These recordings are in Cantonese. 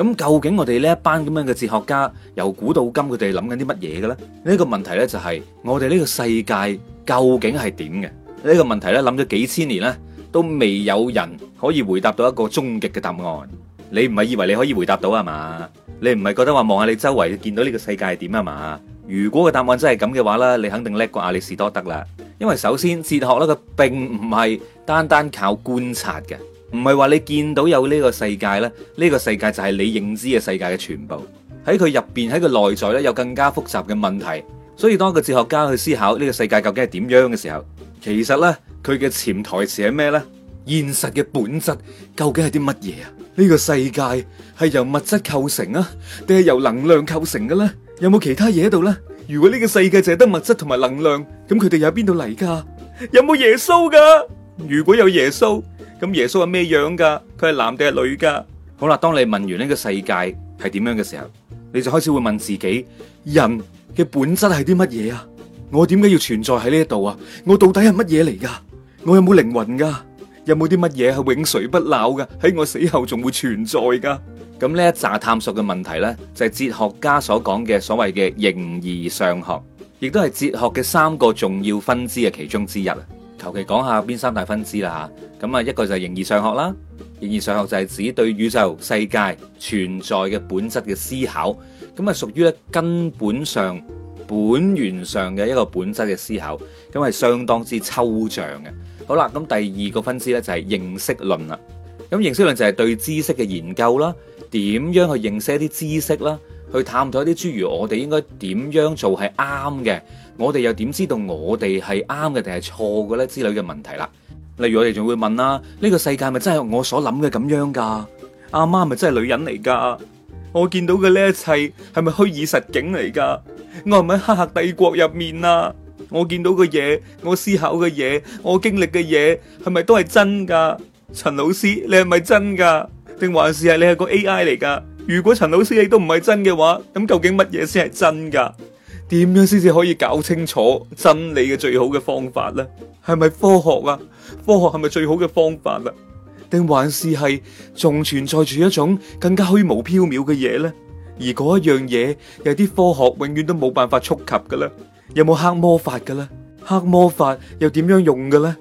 咁究竟我哋呢一班咁樣嘅哲學家，由古到今，佢哋諗緊啲乜嘢嘅咧？呢個問題呢就係我哋呢個世界究竟係點嘅？呢個問題呢諗咗幾千年呢，都未有人可以回答到一個終極嘅答案。你唔係以為你可以回答到啊嘛？你唔係覺得話望下你周圍見到呢個世界係點啊嘛？如果個答案真係咁嘅話呢，你肯定叻過亞里士多德啦。因為首先哲學呢，佢並唔係單單靠觀察嘅。唔係話你見到有呢個世界咧，呢個世界就係你認知嘅世界嘅全部。喺佢入邊，喺個內在呢，有更加複雜嘅問題。所以當一個哲學家去思考呢個世界究竟係點樣嘅時候，其實呢，佢嘅潛台詞係咩呢？現實嘅本質究竟係啲乜嘢啊？呢個世界係由物質構成啊，定係由能量構成嘅呢？有冇其他嘢喺度呢？如果呢個世界淨係得物質同埋能量，咁佢哋由邊度嚟噶？有冇耶穌噶？如果有耶穌，咁耶穌係咩樣噶？佢係男定係女噶？好啦，當你問完呢個世界係點樣嘅時候，你就開始會問自己：人嘅本質係啲乜嘢啊？我點解要存在喺呢一度啊？我到底係乜嘢嚟噶？我有冇靈魂噶？有冇啲乜嘢係永垂不朽噶？喺我死後仲會存在噶？咁呢一紮探索嘅問題呢，就係哲學家所講嘅所謂嘅形而上學，亦都係哲學嘅三個重要分支嘅其中之一。求其講下邊三大分支啦嚇，咁啊一個就係形而上學啦，形而上學就係指對宇宙世界存在嘅本質嘅思考，咁啊屬於咧根本上本源上嘅一個本質嘅思考，咁係相當之抽象嘅。好啦，咁第二個分支咧就係認識論啦，咁認識論就係對知識嘅研究啦，點樣去認識一啲知識啦。去探討一啲諸如我哋應該點樣做係啱嘅，我哋又點知道我哋係啱嘅定係錯嘅咧？之類嘅問題啦。例如我哋仲會問啦，呢個世界咪真係我所諗嘅咁樣噶？阿媽咪真係女人嚟噶？我見到嘅呢一切係咪虛擬實境嚟噶？我係咪黑客帝國入面啊？我見到嘅嘢，我思考嘅嘢，我經歷嘅嘢，係咪都係真噶？陳老師，你係咪真噶？定還是係你係個 AI 嚟噶？如果陳老師亦都唔係真嘅話，咁究竟乜嘢先係真噶？點樣先至可以搞清楚真理嘅最好嘅方法呢？係咪科學啊？科學係咪最好嘅方法啊？定還是係仲存在住一種更加虛無縹緲嘅嘢呢？而嗰一樣嘢有啲科學永遠都冇辦法觸及噶啦？有冇黑魔法噶啦？黑魔法又點樣用噶咧？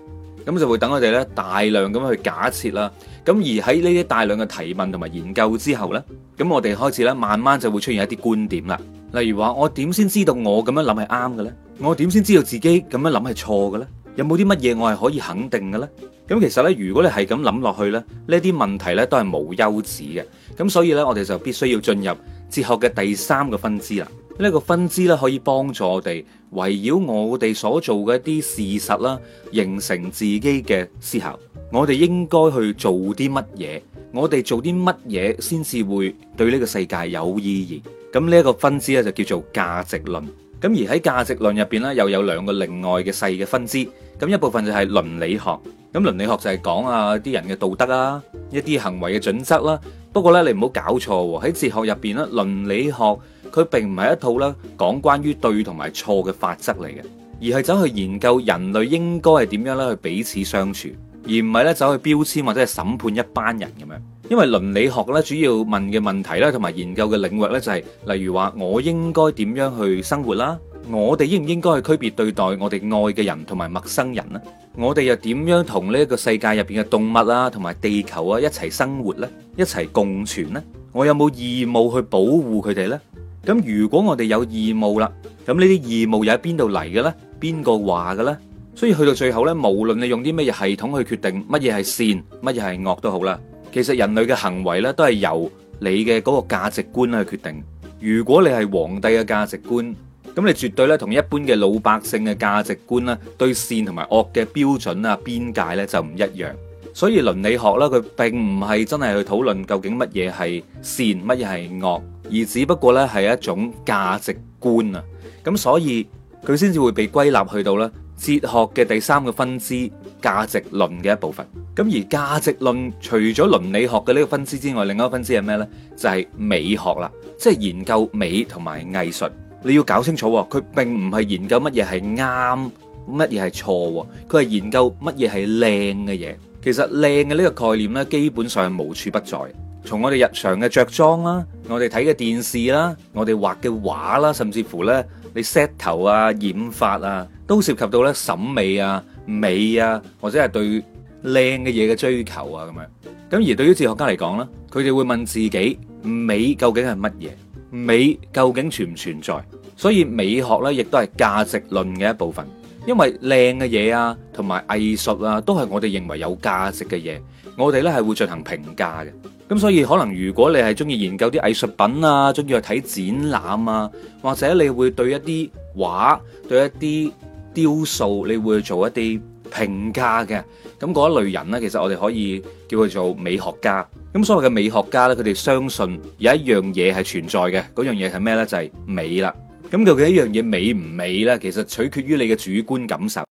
咁就會等我哋咧大量咁去假設啦。咁而喺呢啲大量嘅提問同埋研究之後呢，咁我哋開始呢，慢慢就會出現一啲觀點啦。例如話，我點先知道我咁樣諗係啱嘅呢？我點先知道自己咁樣諗係錯嘅呢？有冇啲乜嘢我係可以肯定嘅呢？咁其實呢，如果你係咁諗落去呢，呢啲問題呢都係無休止嘅。咁所以呢，我哋就必須要進入哲學嘅第三個分支啦。呢個分支呢，可以幫助我哋圍繞我哋所做嘅一啲事實啦，形成自己嘅思考。我哋應該去做啲乜嘢？我哋做啲乜嘢先至會對呢個世界有意義？咁呢個分支咧就叫做價值論。咁而喺價值論入邊咧，又有兩個另外嘅細嘅分支。咁一部分就係倫理學。咁倫理學就係講啊啲人嘅道德呀，一啲行為嘅準則啦。不過咧，你唔好搞錯喎。喺哲學入邊咧，倫理學佢並唔係一套咧講關於對同埋錯嘅法則嚟嘅，而係走去研究人類應該係點樣咧去彼此相處。而唔係咧走去標籤或者係審判一班人咁樣，因為倫理學咧主要問嘅問題咧，同埋研究嘅領域咧就係，例如話我應該點樣去生活啦？我哋應唔應該去區別對待我哋愛嘅人同埋陌生人呢？我哋又點樣同呢個世界入邊嘅動物啊，同埋地球啊一齊生活呢？一齊共存呢？我有冇義務去保護佢哋呢？咁如果我哋有義務啦，咁呢啲義務又喺邊度嚟嘅呢？邊個話嘅呢？所以去到最後咧，無論你用啲乜嘢系統去決定乜嘢係善，乜嘢係惡都好啦。其實人類嘅行為咧，都係由你嘅嗰個價值觀去決定。如果你係皇帝嘅價值觀，咁你絕對咧同一般嘅老百姓嘅價值觀咧，對善同埋惡嘅標準啊邊界咧就唔一樣。所以倫理學咧，佢並唔係真係去討論究竟乜嘢係善，乜嘢係惡，而只不過咧係一種價值觀啊。咁所以佢先至會被歸納去到咧。哲學嘅第三個分支價值論嘅一部分。咁而價值論除咗倫理學嘅呢個分支之外，另外一個分支係咩呢？就係美學啦，即係研究美同埋藝術。你要搞清楚，佢並唔係研究乜嘢係啱，乜嘢係錯。佢係研究乜嘢係靚嘅嘢。其實靚嘅呢個概念呢，基本上係無處不在。從我哋日常嘅著裝啦，我哋睇嘅電視啦，我哋畫嘅畫啦，甚至乎呢你 set 頭啊、染髮啊。都涉及到咧審美啊、美啊，或者係對靚嘅嘢嘅追求啊咁樣。咁而對於哲學家嚟講咧，佢哋會問自己：美究竟係乜嘢？美究竟存唔存在？所以美學咧，亦都係價值論嘅一部分，因為靚嘅嘢啊，同埋藝術啊，都係我哋認為有價值嘅嘢。我哋咧係會進行評價嘅。咁所以可能如果你係中意研究啲藝術品啊，中意去睇展覽啊，或者你會對一啲畫、對一啲……雕塑，你會做一啲評價嘅，咁嗰一類人咧，其實我哋可以叫佢做美學家。咁所謂嘅美學家咧，佢哋相信有一樣嘢係存在嘅，樣嘢係咩咧？就係、是、美啦。咁究竟一樣嘢美唔美咧？其實取決於你嘅主觀感受。